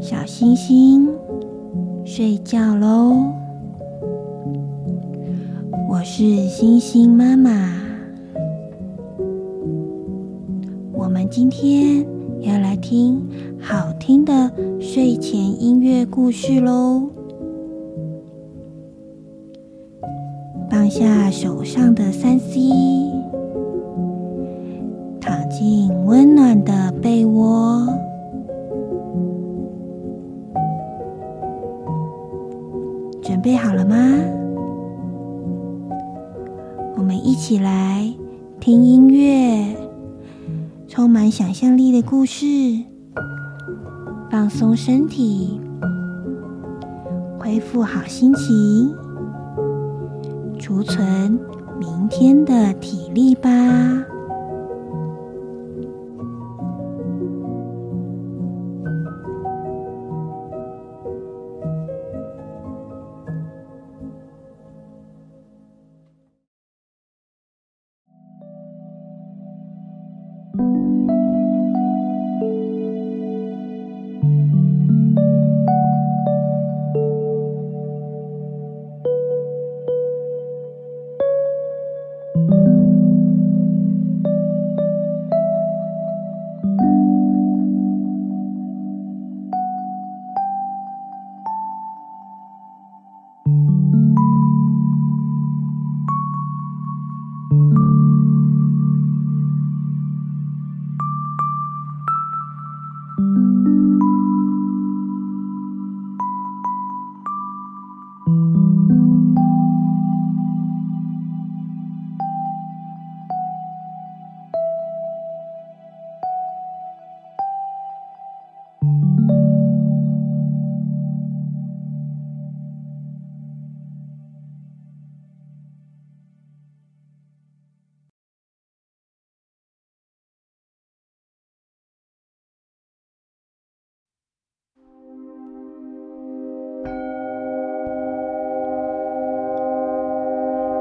小星星，睡覺嘍！我是星星媽媽，我們今天要來聽好聽的睡前音樂故事嘍。放下手上的三 C，躺進溫暖的被窩。準備好了嗎？我們一起來聽音樂，充滿想象力的故事，放鬆身體，恢復好心情。儲存明天的體力吧。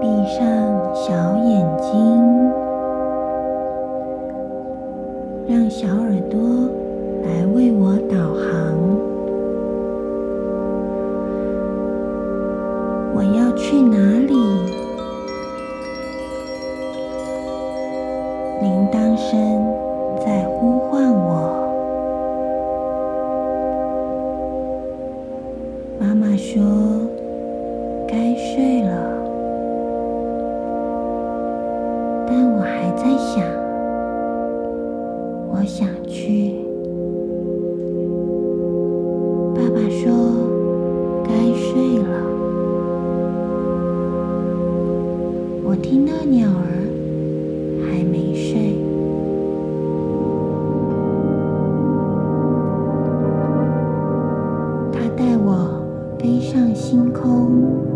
閉上小眼睛，讓小耳朵來為我導航，我要去哪裡？鈴鐺聲在呼喚我。媽媽說該睡了，但我還在想，我想。星空。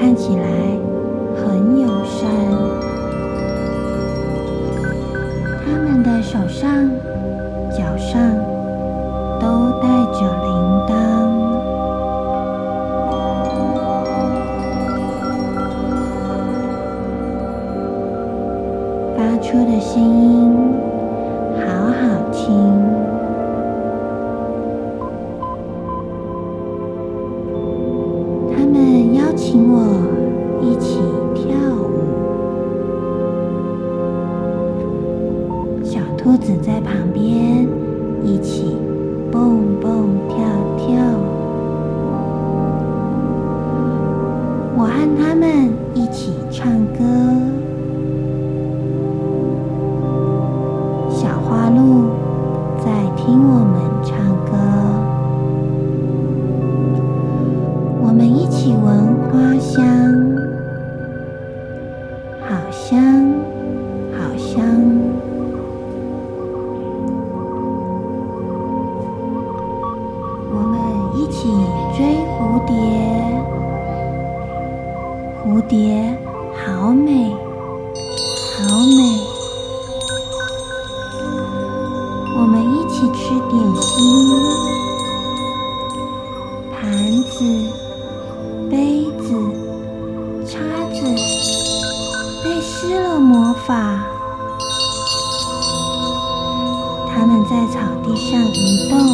看起來很友善，他們的手上、腳上都帶着鈴鐺，發出的聲音。蝶好美，好美。我們一起吃點心。盤子、杯子、叉子被施了魔法，它們在草地上移動。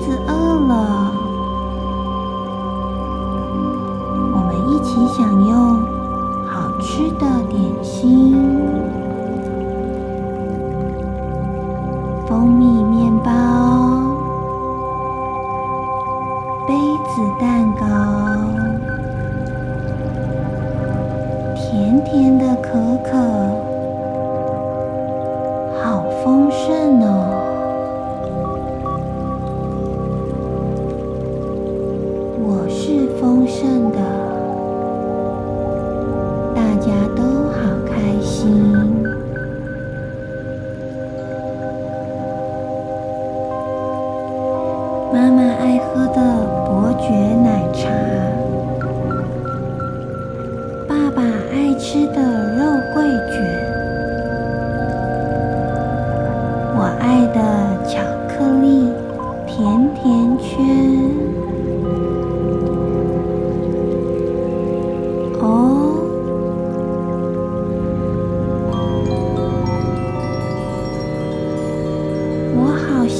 肚子餓了，我們一起享用好吃的點心、蜂蜜麵包、杯子蛋糕、甜甜的可可。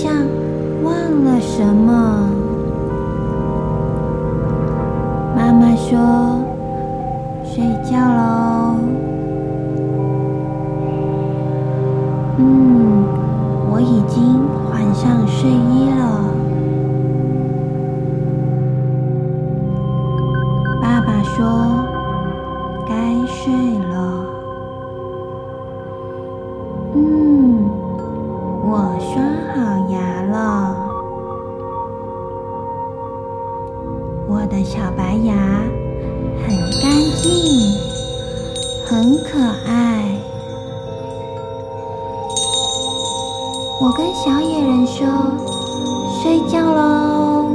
像忘了什麼，媽媽說，睡覺嘍。小白牙很乾淨，很可愛。我跟小野人說：“睡覺嘍，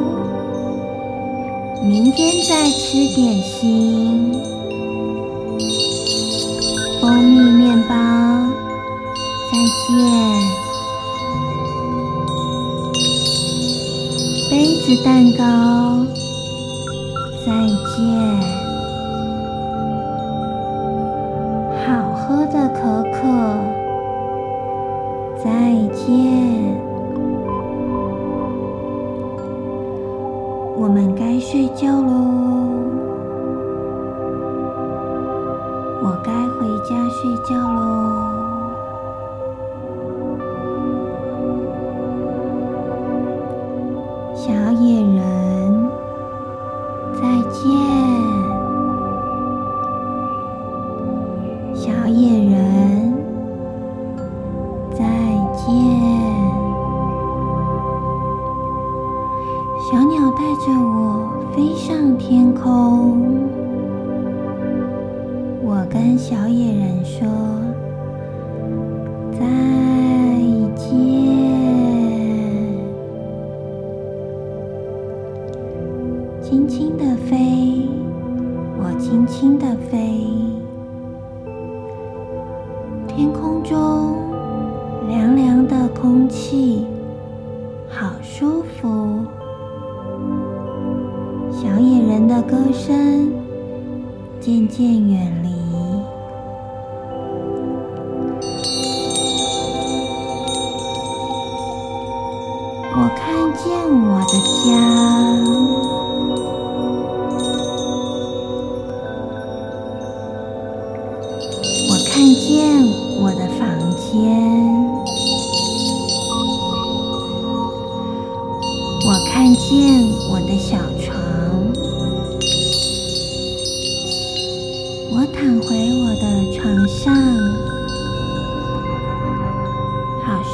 明天再吃點心，蜂蜜麵包，再見，杯子蛋糕。”我們該睡覺嘍，我該回家睡覺嘍。輕輕的飛，天空中涼涼的空氣，好舒服。小野人的歌聲漸漸遠，遠。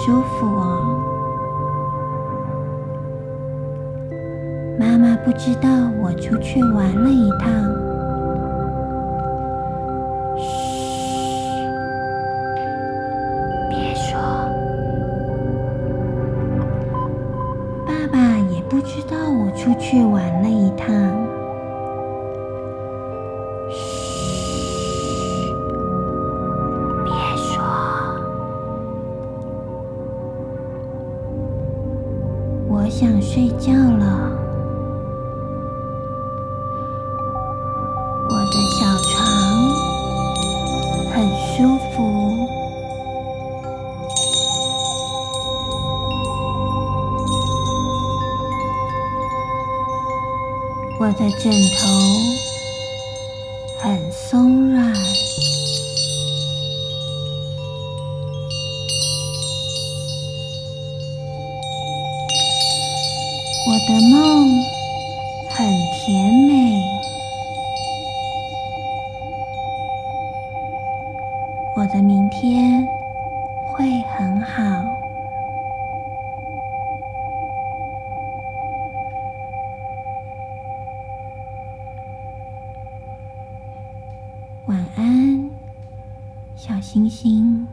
舒服哦，媽媽不知道我出去玩了一趟。睡覺了，我的小床很舒服，我的枕頭很鬆軟。我的夢很甜美，我的明天會很好，晚安，小星星。